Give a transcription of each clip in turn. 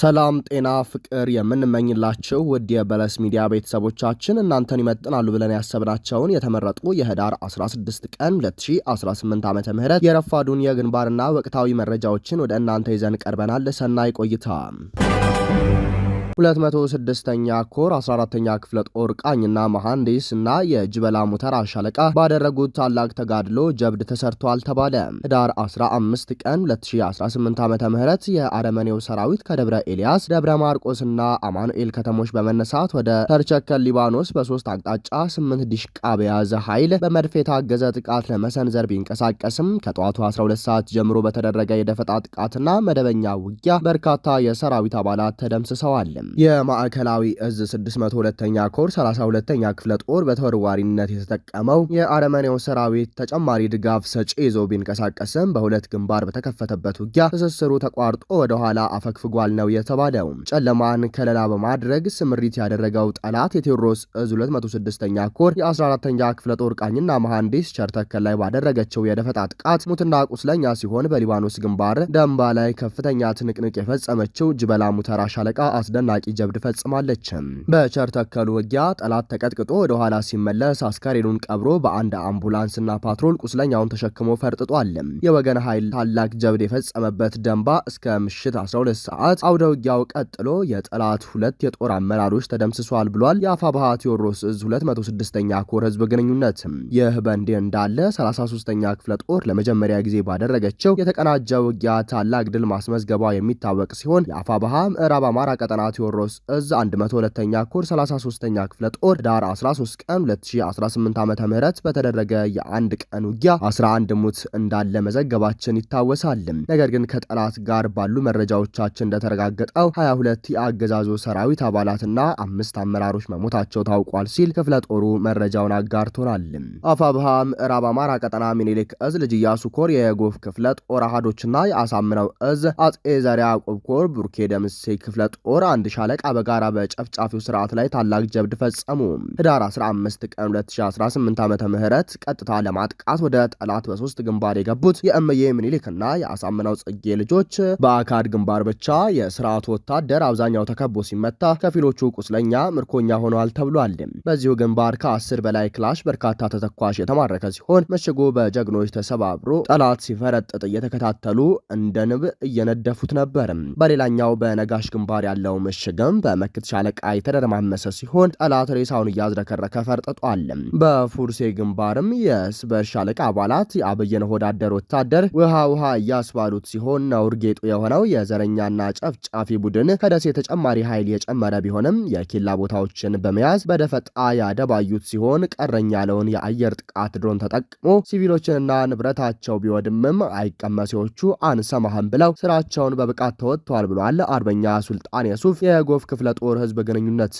ሰላም ጤና ፍቅር የምንመኝላቸው ውድ የበለስ ሚዲያ ቤተሰቦቻችን እናንተን ይመጥናሉ ብለን ያሰብናቸውን የተመረጡ የህዳር 16 ቀን 2018 ዓ ም የረፋዱን የግንባርና ወቅታዊ መረጃዎችን ወደ እናንተ ይዘን ቀርበናል። ሰናይ ቆይታ 206ኛ ኮር 14ኛ ክፍለ ጦር ቃኝና መሐንዲስ እና የጅበላ ሙተራ ሻለቃ ባደረጉት ታላቅ ተጋድሎ ጀብድ ተሰርቷል ተባለ። ህዳር 15 ቀን 2018 ዓ ም የአረመኔው ሰራዊት ከደብረ ኤልያስ፣ ደብረ ማርቆስና አማኑኤል ከተሞች በመነሳት ወደ ተርቸከል ሊባኖስ በሶስት አቅጣጫ ስምንት ዲሽቃ በያዘ ኃይል በመድፍ የታገዘ ጥቃት ለመሰንዘር ቢንቀሳቀስም ከጠዋቱ 12 ሰዓት ጀምሮ በተደረገ የደፈጣ ጥቃትና መደበኛ ውጊያ በርካታ የሰራዊት አባላት ተደምስሰዋል። የማዕከላዊ እዝ 602ኛ ኮር 32ኛ ክፍለ ጦር በተወርዋሪነት የተጠቀመው የአረመኔው ሰራዊት ተጨማሪ ድጋፍ ሰጪ ይዞ ቢንቀሳቀስም በሁለት ግንባር በተከፈተበት ውጊያ ትስስሩ ተቋርጦ ወደኋላ አፈግፍጓል ነው የተባለው። ጨለማን ከለላ በማድረግ ስምሪት ያደረገው ጠላት የቴዎድሮስ እዝ 26ኛ ኮር የ14ኛ ክፍለ ጦር ቃኝና መሐንዲስ ቸርተከል ላይ ባደረገችው የደፈጣ ጥቃት ሙትና ቁስለኛ ሲሆን በሊባኖስ ግንባር ደንባ ላይ ከፍተኛ ትንቅንቅ የፈጸመችው ጅበላ ሙተራ ሻለቃ አስደናቂ አስደናቂ ጀብድ ፈጽማለች። በቸርተከሉ ተከሉ ውጊያ ጠላት ተቀጥቅጦ ወደ ኋላ ሲመለስ አስከሬኑን ቀብሮ በአንድ አምቡላንስና ፓትሮል ቁስለኛውን ተሸክሞ ፈርጥጧል። የወገን ኃይል ታላቅ ጀብድ የፈጸመበት ደንባ እስከ ምሽት 12 ሰዓት አውደ ውጊያው ቀጥሎ የጠላት ሁለት የጦር አመራሮች ተደምስሷል ብሏል። የአፋ ባህ ቴዎድሮስ እዝ 26 ኛ ኮር ህዝብ ግንኙነት። ይህ በእንዲህ እንዳለ 33ኛ ክፍለ ጦር ለመጀመሪያ ጊዜ ባደረገችው የተቀናጀ ውጊያ ታላቅ ድል ማስመዝገቧ የሚታወቅ ሲሆን የአፋ ባህ ምዕራብ አማራ ቀጠና ቴዎድሮስ እዝ 102ኛ ኮር 33ኛ ክፍለ ጦር ዳር 13 ቀን 2018 ዓ ም በተደረገ የአንድ ቀን ውጊያ 11 ሙት እንዳለ መዘገባችን ይታወሳል። ነገር ግን ከጠላት ጋር ባሉ መረጃዎቻችን እንደተረጋገጠው 22 የአገዛዙ ሰራዊት አባላትና አምስት አመራሮች መሞታቸው ታውቋል ሲል ክፍለ ጦሩ መረጃውን አጋርቶናል። አፋብሃ ምዕራብ አማራ ቀጠና ሚኒሊክ እዝ ልጅ ኢያሱ ኮር የጎፍ ክፍለ ጦር አሃዶችና የአሳምነው እዝ አጼ ዘርዓ ያዕቆብ ኮር ቡርኬ ደምሴ ክፍለ ጦር አንድ ሻለቃ በጋራ በጨፍጫፊው ስርዓት ላይ ታላቅ ጀብድ ፈጸሙ። ህዳር 15 ቀን 2018 ዓ ም ቀጥታ ለማጥቃት ወደ ጠላት በሶስት ግንባር የገቡት የእምዬ ምኒልክና የአሳምናው ጽጌ ልጆች በአካድ ግንባር ብቻ የስርዓቱ ወታደር አብዛኛው ተከቦ ሲመታ ከፊሎቹ ቁስለኛ ምርኮኛ ሆነዋል ተብሏል። በዚሁ ግንባር ከአስር በላይ ክላሽ በርካታ ተተኳሽ የተማረከ ሲሆን ምሽጉ በጀግኖች ተሰባብሮ ጠላት ሲፈረጥጥ እየተከታተሉ እንደ ንብ እየነደፉት ነበር። በሌላኛው በነጋሽ ግንባር ያለው ምሽ ምሽግም በመክት ሻለቃ የተደረማመሰ ሲሆን ጠላት ሬሳውን እያዝረከረከ ፈርጥጧል። በፉርሴ ግንባርም የስበር ሻለቃ አባላት የአብይን ወዳደር ወታደር ውሃ ውሃ እያስባሉት ሲሆን ነውር ጌጡ የሆነው የዘረኛና ጨፍጫፊ ቡድን ከደሴ ተጨማሪ ኃይል የጨመረ ቢሆንም የኬላ ቦታዎችን በመያዝ በደፈጣ ያደባዩት ሲሆን ቀረኝ ያለውን የአየር ጥቃት ድሮን ተጠቅሞ ሲቪሎችንና ንብረታቸው ቢወድምም አይቀመሴዎቹ አንሰማህም ብለው ስራቸውን በብቃት ተወጥተዋል ብሏል አርበኛ ሱልጣን የሱፍ የጎፍ ክፍለ ጦር ህዝብ ግንኙነት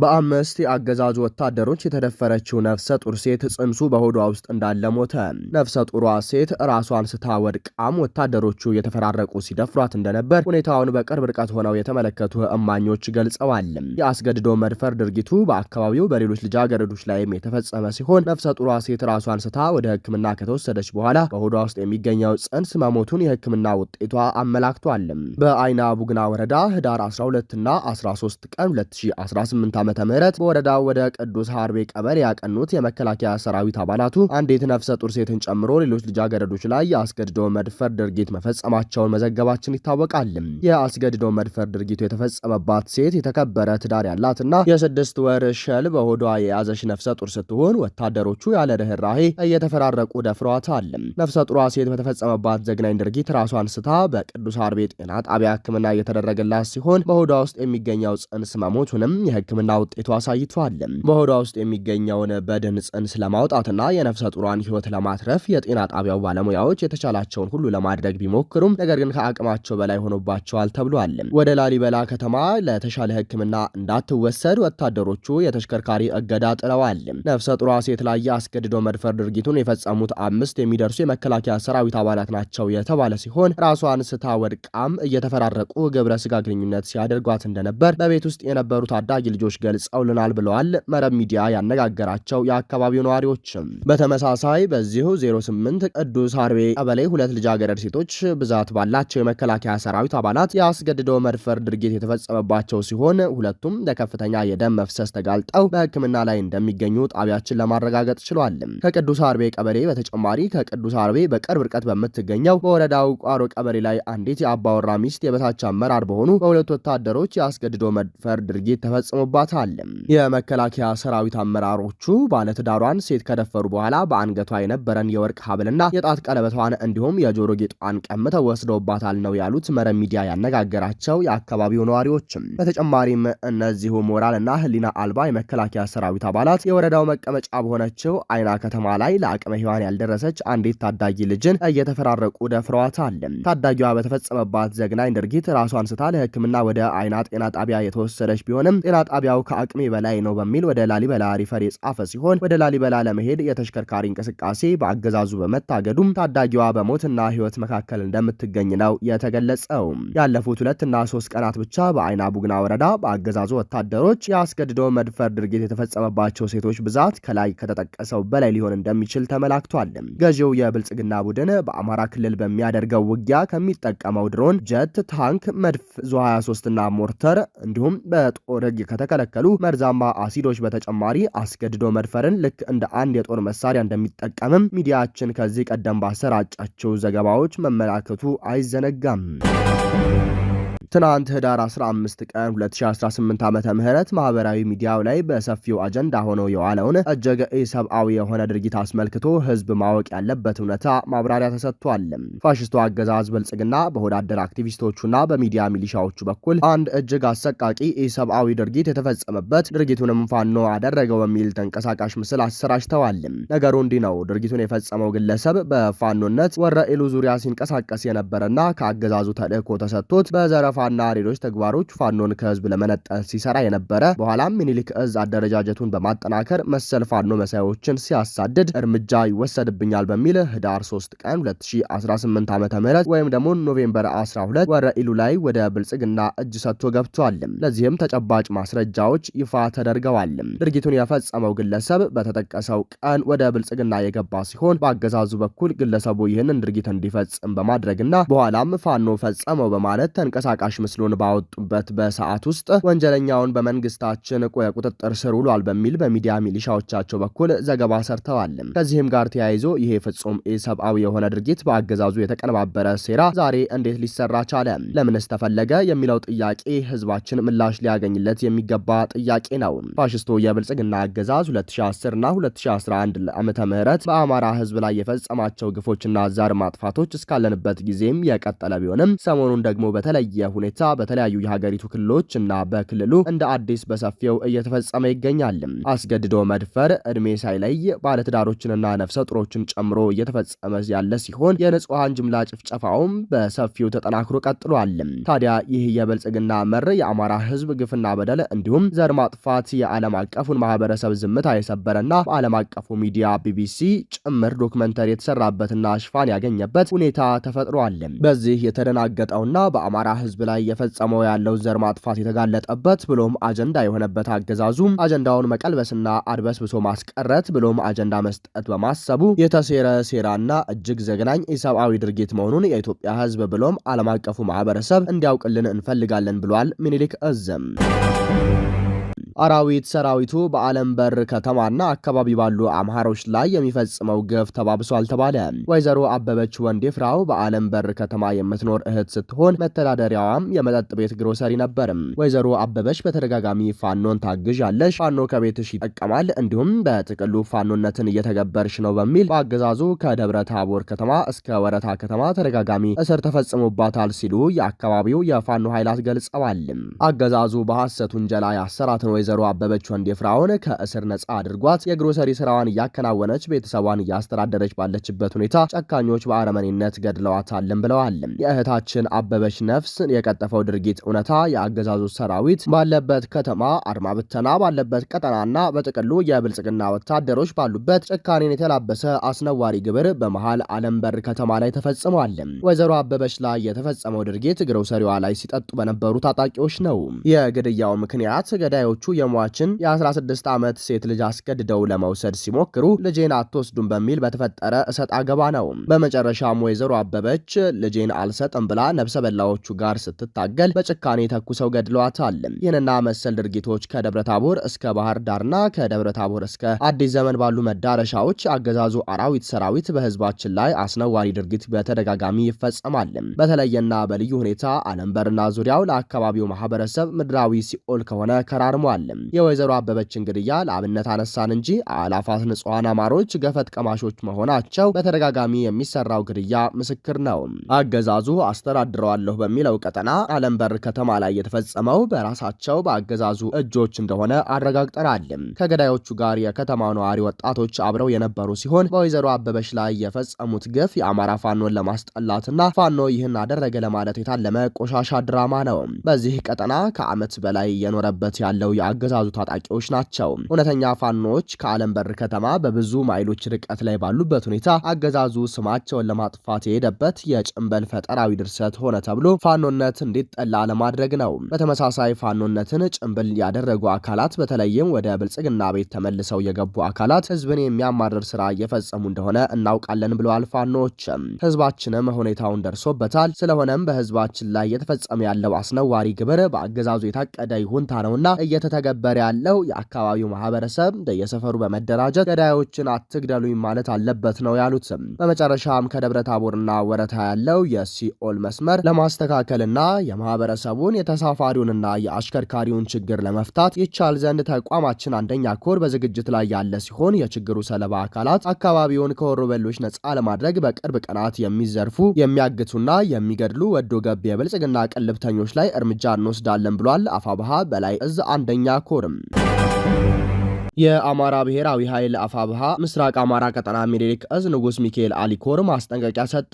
በአምስት የአገዛዙ ወታደሮች የተደፈረችው ነፍሰ ጡር ሴት ጽንሱ በሆዷ ውስጥ እንዳለ ሞተ። ነፍሰ ጡሯ ሴት ራሷን ስታ ወድቃም ወታደሮቹ የተፈራረቁ ሲደፍሯት እንደነበር ሁኔታውን በቅርብ ርቀት ሆነው የተመለከቱ እማኞች ገልጸዋል። የአስገድዶ መድፈር ድርጊቱ በአካባቢው በሌሎች ልጃገረዶች ላይም የተፈጸመ ሲሆን ነፍሰ ጡሯ ሴት ራሷን ስታ ወደ ሕክምና ከተወሰደች በኋላ በሆዷ ውስጥ የሚገኘው ጽንስ መሞቱን የሕክምና ውጤቷ አመላክቷል። በአይና ቡግና ወረዳ ህዳር 12 እና 13 ቀን 2018 ዓ ምህረት በወረዳው ወደ ቅዱስ ሀርቤ ቀበሌ ያቀኑት የመከላከያ ሰራዊት አባላቱ አንዲት ነፍሰ ጡር ሴትን ጨምሮ ሌሎች ልጃገረዶች ላይ የአስገድዶ መድፈር ድርጊት መፈጸማቸውን መዘገባችን ይታወቃል። የአስገድዶ መድፈር ድርጊቱ የተፈጸመባት ሴት የተከበረ ትዳር ያላትና የስድስት ወር ሸል በሆዷ የያዘች ነፍሰ ጡር ስትሆን ወታደሮቹ ያለ ርኅራሄ እየተፈራረቁ ደፍሯታል። ነፍሰ ጡሯ ሴት በተፈጸመባት ዘግናኝ ድርጊት ራሷን ስታ በቅዱስ ሀርቤ ጤና ጣቢያ ሕክምና እየተደረገላት ሲሆን በሆዷ ውስጥ የሚገኘው ጽንስ መሞቱንም የሕክምና የምርመራ ውጤቱ አሳይቷል። በሆዷ ውስጥ የሚገኘውን በድን ጽንስ ለማውጣትና የነፍሰ ጡሯን ህይወት ለማትረፍ የጤና ጣቢያው ባለሙያዎች የተቻላቸውን ሁሉ ለማድረግ ቢሞክሩም ነገር ግን ከአቅማቸው በላይ ሆኖባቸዋል ተብሏል። ወደ ላሊበላ ከተማ ለተሻለ ሕክምና እንዳትወሰድ ወታደሮቹ የተሽከርካሪ እገዳ ጥለዋል። ነፍሰ ጡሯ ሴት ላይ የአስገድዶ መድፈር ድርጊቱን የፈጸሙት አምስት የሚደርሱ የመከላከያ ሰራዊት አባላት ናቸው የተባለ ሲሆን ራሷን ስታ ወድቃም እየተፈራረቁ ግብረ ስጋ ግንኙነት ሲያደርጓት እንደነበር በቤት ውስጥ የነበሩ ታዳጊ ልጆች ገልጸውልናል ብለዋል። መረብ ሚዲያ ያነጋገራቸው የአካባቢው ነዋሪዎችም በተመሳሳይ በዚሁ 08 ቅዱስ አርቤ ቀበሌ ሁለት ልጃገረድ ሴቶች ብዛት ባላቸው የመከላከያ ሰራዊት አባላት የአስገድዶ መድፈር ድርጊት የተፈጸመባቸው ሲሆን ሁለቱም ለከፍተኛ የደም መፍሰስ ተጋልጠው በሕክምና ላይ እንደሚገኙ ጣቢያችን ለማረጋገጥ ችሏል። ከቅዱስ አርቤ ቀበሌ በተጨማሪ ከቅዱስ አርቤ በቅርብ ርቀት በምትገኘው በወረዳው ቋሮ ቀበሌ ላይ አንዲት የአባወራ ሚስት የበታች አመራር በሆኑ በሁለት ወታደሮች የአስገድዶ መድፈር ድርጊት ተፈጽሞባት አለ። የመከላከያ ሰራዊት አመራሮቹ ባለትዳሯን ሴት ከደፈሩ በኋላ በአንገቷ የነበረን የወርቅ ሀብልና የጣት ቀለበቷን እንዲሁም የጆሮ ጌጧን ቀምተው ወስደውባታል ነው ያሉት መረብ ሚዲያ ያነጋገራቸው የአካባቢው ነዋሪዎችም። በተጨማሪም እነዚሁ ሞራልና ህሊና አልባ የመከላከያ ሰራዊት አባላት የወረዳው መቀመጫ በሆነችው አይና ከተማ ላይ ለአቅመ ሔዋን ያልደረሰች አንዲት ታዳጊ ልጅን እየተፈራረቁ ደፍረዋታል። ታዳጊዋ በተፈጸመባት ዘግናኝ ድርጊት ራሷን ስታ ለሕክምና ወደ አይና ጤና ጣቢያ የተወሰደች ቢሆንም ጤና ጣቢያው ከአቅሜ በላይ ነው በሚል ወደ ላሊበላ ሪፈር የጻፈ ሲሆን ወደ ላሊበላ ለመሄድ የተሽከርካሪ እንቅስቃሴ በአገዛዙ በመታገዱም ታዳጊዋ በሞትና ህይወት መካከል እንደምትገኝ ነው የተገለጸው። ያለፉት ሁለትና ሶስት ቀናት ብቻ በአይና ቡግና ወረዳ በአገዛዙ ወታደሮች የአስገድዶ መድፈር ድርጊት የተፈጸመባቸው ሴቶች ብዛት ከላይ ከተጠቀሰው በላይ ሊሆን እንደሚችል ተመላክቷል። ገዢው የብልጽግና ቡድን በአማራ ክልል በሚያደርገው ውጊያ ከሚጠቀመው ድሮን፣ ጀት፣ ታንክ፣ መድፍ፣ ዙ 23 እና ሞርተር እንዲሁም በጦር ሕግ ከተከለከ ከሚበከሉ መርዛማ አሲዶች በተጨማሪ አስገድዶ መድፈርን ልክ እንደ አንድ የጦር መሳሪያ እንደሚጠቀምም ሚዲያችን ከዚህ ቀደም ባሰራጫቸው ዘገባዎች መመላከቱ አይዘነጋም። ትናንት ህዳር 15 ቀን 2018 ዓ ም ማህበራዊ ሚዲያው ላይ በሰፊው አጀንዳ ሆኖ የዋለውን እጅግ ኢሰብአዊ የሆነ ድርጊት አስመልክቶ ህዝብ ማወቅ ያለበት እውነታ ማብራሪያ ተሰጥቷል። ፋሽስቱ አገዛዝ ብልጽግና በወዳደር አክቲቪስቶቹና በሚዲያ ሚሊሻዎቹ በኩል አንድ እጅግ አሰቃቂ ኢሰብአዊ ድርጊት የተፈጸመበት ድርጊቱንም ፋኖ አደረገው በሚል ተንቀሳቃሽ ምስል አሰራጭተዋል። ነገሩ እንዲህ ነው። ድርጊቱን የፈጸመው ግለሰብ በፋኖነት ወረ ኢሉ ዙሪያ ሲንቀሳቀስ የነበረና ከአገዛዙ ተልእኮ ተሰጥቶት በዘረፋ ዘረፋና ሌሎች ተግባሮች ፋኖን ከህዝብ ለመነጠል ሲሰራ የነበረ በኋላም ሚኒሊክ እዝ አደረጃጀቱን በማጠናከር መሰል ፋኖ መሳዮችን ሲያሳድድ እርምጃ ይወሰድብኛል በሚል ህዳር 3 ቀን 2018 ዓ ም ወይም ደግሞ ኖቬምበር 12 ወረ ኢሉ ላይ ወደ ብልጽግና እጅ ሰጥቶ ገብቷል። ለዚህም ተጨባጭ ማስረጃዎች ይፋ ተደርገዋል። ድርጊቱን የፈጸመው ግለሰብ በተጠቀሰው ቀን ወደ ብልጽግና የገባ ሲሆን በአገዛዙ በኩል ግለሰቡ ይህንን ድርጊት እንዲፈጽም በማድረግና በኋላም ፋኖ ፈጸመው በማለት ተንቀሳቃሽ ተከሳሽ ምስሉን ባወጡበት በሰዓት ውስጥ ወንጀለኛውን በመንግስታችን ቁጥጥር ስር ውሏል በሚል በሚዲያ ሚሊሻዎቻቸው በኩል ዘገባ ሰርተዋል። ከዚህም ጋር ተያይዞ ይሄ ፍጹም ኢሰብአዊ የሆነ ድርጊት በአገዛዙ የተቀነባበረ ሴራ ዛሬ እንዴት ሊሰራ ቻለ? ለምንስ ተፈለገ? የሚለው ጥያቄ ህዝባችን ምላሽ ሊያገኝለት የሚገባ ጥያቄ ነው። ፋሽስቱ የብልጽግና አገዛዝ 2010 እና 2011 ዓ ምህረት በአማራ ህዝብ ላይ የፈጸማቸው ግፎችና ዛር ማጥፋቶች እስካለንበት ጊዜም የቀጠለ ቢሆንም ሰሞኑን ደግሞ በተለየ ሁኔታ በተለያዩ የሀገሪቱ ክልሎች እና በክልሉ እንደ አዲስ በሰፊው እየተፈጸመ ይገኛል። አስገድዶ መድፈር እድሜ ሳይለይ ባለትዳሮችንና ነፍሰ ጡሮችን ጨምሮ እየተፈጸመ ያለ ሲሆን የንጹሐን ጅምላ ጭፍጨፋውም በሰፊው ተጠናክሮ ቀጥሏል። ታዲያ ይህ የብልጽግና መር የአማራ ህዝብ ግፍና በደል እንዲሁም ዘር ማጥፋት የዓለም አቀፉን ማህበረሰብ ዝምታ የሰበረና በዓለም አቀፉ ሚዲያ ቢቢሲ ጭምር ዶክመንተሪ የተሰራበትና ሽፋን ያገኘበት ሁኔታ ተፈጥሯል። በዚህ የተደናገጠውና በአማራ ህዝብ ላይ ላይ የፈጸመው ያለው ዘር ማጥፋት የተጋለጠበት ብሎም አጀንዳ የሆነበት አገዛዙ አጀንዳውን መቀልበስና አድበስብሶ ማስቀረት ብሎም አጀንዳ መስጠት በማሰቡ የተሴረ ሴራና እጅግ ዘግናኝ ኢሰብአዊ ድርጊት መሆኑን የኢትዮጵያ ሕዝብ ብሎም ዓለም አቀፉ ማህበረሰብ እንዲያውቅልን እንፈልጋለን ብሏል። ሚኒሊክ እዝም አራዊት ሰራዊቱ በአለም በር ከተማና አካባቢ ባሉ አምሃሮች ላይ የሚፈጽመው ግፍ ተባብሷል ተባለ። ወይዘሮ አበበች ወንዴ ፍራው በአለም በር ከተማ የምትኖር እህት ስትሆን መተዳደሪያዋም የመጠጥ ቤት ግሮሰሪ ነበርም። ወይዘሮ አበበች በተደጋጋሚ ፋኖን ታግዣለሽ፣ ፋኖ ከቤትሽ ይጠቀማል፣ እንዲሁም በጥቅሉ ፋኖነትን እየተገበርሽ ነው በሚል በአገዛዙ ከደብረ ታቦር ከተማ እስከ ወረታ ከተማ ተደጋጋሚ እስር ተፈጽሞባታል ሲሉ የአካባቢው የፋኖ ኃይላት ገልጸዋል። አገዛዙ በሐሰት ውንጀላ ያሰራትን ወይዘሮ አበበች ፍራውን ከእስር ነጻ አድርጓት የግሮሰሪ ስራዋን እያከናወነች ቤተሰቧን እያስተዳደረች ባለችበት ሁኔታ ጨካኞች በአረመኔነት ገድለዋታለን ብለዋል። የእህታችን አበበች ነፍስ የቀጠፈው ድርጊት እውነታ የአገዛዙ ሰራዊት ባለበት ከተማ አድማ ብተና ባለበት ቀጠናና በጥቅሉ የብልጽግና ወታደሮች ባሉበት ጭካኔን የተላበሰ አስነዋሪ ግብር በመሃል አለም በር ከተማ ላይ ተፈጽሟል። ወይዘሮ አበበች ላይ የተፈጸመው ድርጊት ግሮሰሪዋ ላይ ሲጠጡ በነበሩ ታጣቂዎች ነው። የግድያው ምክንያት ገዳዮቹ የሟችን የ16 ዓመት ሴት ልጅ አስገድደው ለመውሰድ ሲሞክሩ ልጄን አትወስዱም በሚል በተፈጠረ እሰጥ አገባ ነው። በመጨረሻም ወይዘሮ አበበች ልጄን አልሰጥም ብላ ነብሰ በላዎቹ ጋር ስትታገል በጭካኔ ተኩሰው ገድለዋታል። ይህንና መሰል ድርጊቶች ከደብረ ታቦር እስከ ባህር ዳርና ታቦር እስከ አዲስ ዘመን ባሉ መዳረሻዎች አገዛዙ አራዊት ሰራዊት በህዝባችን ላይ አስነዋሪ ድርጊት በተደጋጋሚ ይፈጸማል። በተለየና በልዩ ሁኔታ አለምበርና ዙሪያው ለአካባቢው ማህበረሰብ ምድራዊ ሲኦል ከሆነ ከራርሟል። ተናግረዋል። የወይዘሮ አበበችን ግድያ ለአብነት አነሳን እንጂ አላፋት ንጹሐን አማሮች ገፈት ቀማሾች መሆናቸው በተደጋጋሚ የሚሰራው ግድያ ምስክር ነው። አገዛዙ አስተዳድረዋለሁ በሚለው ቀጠና አለም በር ከተማ ላይ የተፈጸመው በራሳቸው በአገዛዙ እጆች እንደሆነ አረጋግጠናል። ከገዳዮቹ ጋር የከተማ ነዋሪ ወጣቶች አብረው የነበሩ ሲሆን በወይዘሮ አበበች ላይ የፈጸሙት ግፍ የአማራ ፋኖን ለማስጠላትና ፋኖ ይህን አደረገ ለማለት የታለመ ቆሻሻ ድራማ ነው። በዚህ ቀጠና ከዓመት በላይ እየኖረበት ያለው የአገዛዙ ታጣቂዎች ናቸው። እውነተኛ ፋኖች ከአለም በር ከተማ በብዙ ማይሎች ርቀት ላይ ባሉበት ሁኔታ አገዛዙ ስማቸውን ለማጥፋት የሄደበት የጭንበል ፈጠራዊ ድርሰት ሆነ ተብሎ ፋኖነት እንዲጠላ ለማድረግ ነው። በተመሳሳይ ፋኖነትን ጭንብል ያደረጉ አካላት በተለይም ወደ ብልጽግና ቤት ተመልሰው የገቡ አካላት ህዝብን የሚያማርር ስራ እየፈጸሙ እንደሆነ እናውቃለን ብለዋል። ፋኖች ህዝባችንም ሁኔታውን ደርሶበታል። ስለሆነም በህዝባችን ላይ እየተፈጸመ ያለው አስነዋሪ ግብር በአገዛዙ የታቀደ ይሁንታ ነውና እየተተ እየተገበረ ያለው የአካባቢው ማህበረሰብ እንደየሰፈሩ በመደራጀት ገዳዮችን አትግደሉኝ ማለት አለበት ነው ያሉት። በመጨረሻም ከደብረ ታቦርና ወረታ ያለው የሲኦል መስመር ለማስተካከልና የማህበረሰቡን የተሳፋሪውንና የአሽከርካሪውን ችግር ለመፍታት ይቻል ዘንድ ተቋማችን አንደኛ ኮር በዝግጅት ላይ ያለ ሲሆን የችግሩ ሰለባ አካላት አካባቢውን ከወሮበሎች ነፃ ለማድረግ በቅርብ ቀናት የሚዘርፉ የሚያግቱና የሚገድሉ ወዶ ገብ የብልጽግና ቅልብተኞች ላይ እርምጃ እንወስዳለን ብሏል። አፋብሃ በላይ እዝ አንደኛ ሶስተኛ ኮርም የአማራ ብሔራዊ ኃይል አፋብሃ ምስራቅ አማራ ቀጠና ሚኒሊክ እዝ ንጉስ ሚካኤል አሊኮር ማስጠንቀቂያ ሰጠ።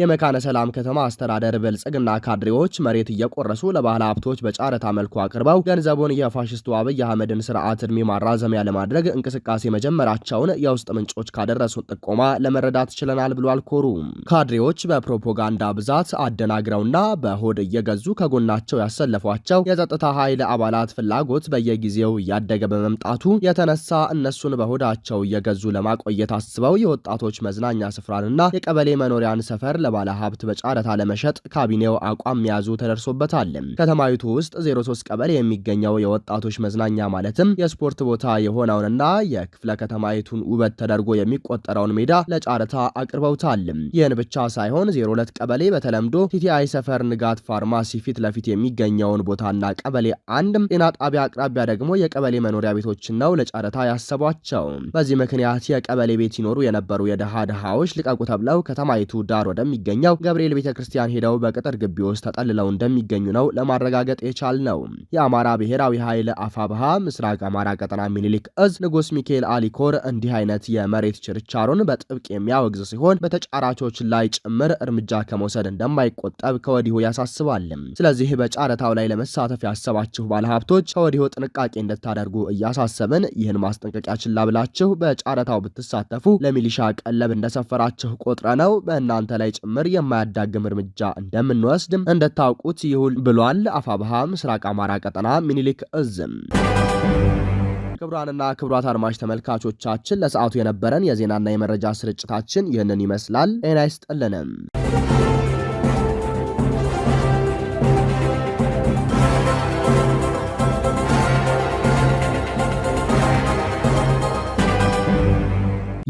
የመካነ ሰላም ከተማ አስተዳደር ብልጽግና ካድሬዎች መሬት እየቆረሱ ለባህል ሀብቶች በጨረታ መልኩ አቅርበው ገንዘቡን የፋሽስቱ አብይ አህመድን ስርዓት እድሜ ማራዘሚያ ለማድረግ እንቅስቃሴ መጀመራቸውን የውስጥ ምንጮች ካደረሱን ጥቆማ ለመረዳት ችለናል ብሏል። ኮሩ ካድሬዎች በፕሮፓጋንዳ ብዛት አደናግረውና በሆድ እየገዙ ከጎናቸው ያሰለፏቸው የጸጥታ ኃይል አባላት ፍላጎት በየጊዜው እያደገ በመምጣቱ የተነሳ እነሱን በሆዳቸው እየገዙ ለማቆየት አስበው የወጣቶች መዝናኛ ስፍራንና የቀበሌ መኖሪያን ሰፈር ለባለ ሀብት በጨረታ ለመሸጥ ካቢኔው አቋም መያዙ ተደርሶበታል። ከተማይቱ ውስጥ 03 ቀበሌ የሚገኘው የወጣቶች መዝናኛ ማለትም የስፖርት ቦታ የሆነውንና የክፍለ ከተማይቱን ውበት ተደርጎ የሚቆጠረውን ሜዳ ለጨረታ አቅርበውታል። ይህን ብቻ ሳይሆን 02 ቀበሌ በተለምዶ ቲቲአይ ሰፈር ንጋት ፋርማሲ ፊት ለፊት የሚገኘውን ቦታና ቀበሌ አንድ ጤና ጣቢያ አቅራቢያ ደግሞ የቀበሌ መኖሪያ ቤቶችን ነው ጨረታ ያሰቧቸው። በዚህ ምክንያት የቀበሌ ቤት ሲኖሩ የነበሩ የድሃ ድሃዎች ልቀቁ ተብለው ከተማይቱ ዳር ወደሚገኘው ገብርኤል ቤተ ክርስቲያን ሄደው በቅጥር ግቢ ውስጥ ተጠልለው እንደሚገኙ ነው ለማረጋገጥ የቻል ነው። የአማራ ብሔራዊ ኃይል አፋብሃ ምስራቅ አማራ ቀጠና ሚኒሊክ እዝ ንጉስ ሚካኤል አሊኮር እንዲህ አይነት የመሬት ችርቻሮን በጥብቅ የሚያወግዝ ሲሆን በተጫራቾች ላይ ጭምር እርምጃ ከመውሰድ እንደማይቆጠብ ከወዲሁ ያሳስባል። ስለዚህ በጨረታው ላይ ለመሳተፍ ያሰባችሁ ባለሀብቶች ከወዲሁ ጥንቃቄ እንድታደርጉ እያሳሰብን ይህን ማስጠንቀቂያ ችላ ብላችሁ በጨረታው ብትሳተፉ ለሚሊሻ ቀለብ እንደሰፈራችሁ ቆጥረ ነው በእናንተ ላይ ጭምር የማያዳግም እርምጃ እንደምንወስድ እንደታውቁት ይሁን ብሏል። አፋብሃ ምስራቅ አማራ ቀጠና ሚኒሊክ እዝም ክቡራንና ክቡራት አድማጭ ተመልካቾቻችን ለሰዓቱ የነበረን የዜናና የመረጃ ስርጭታችን ይህንን ይመስላል። ጤና ይስጥልንም።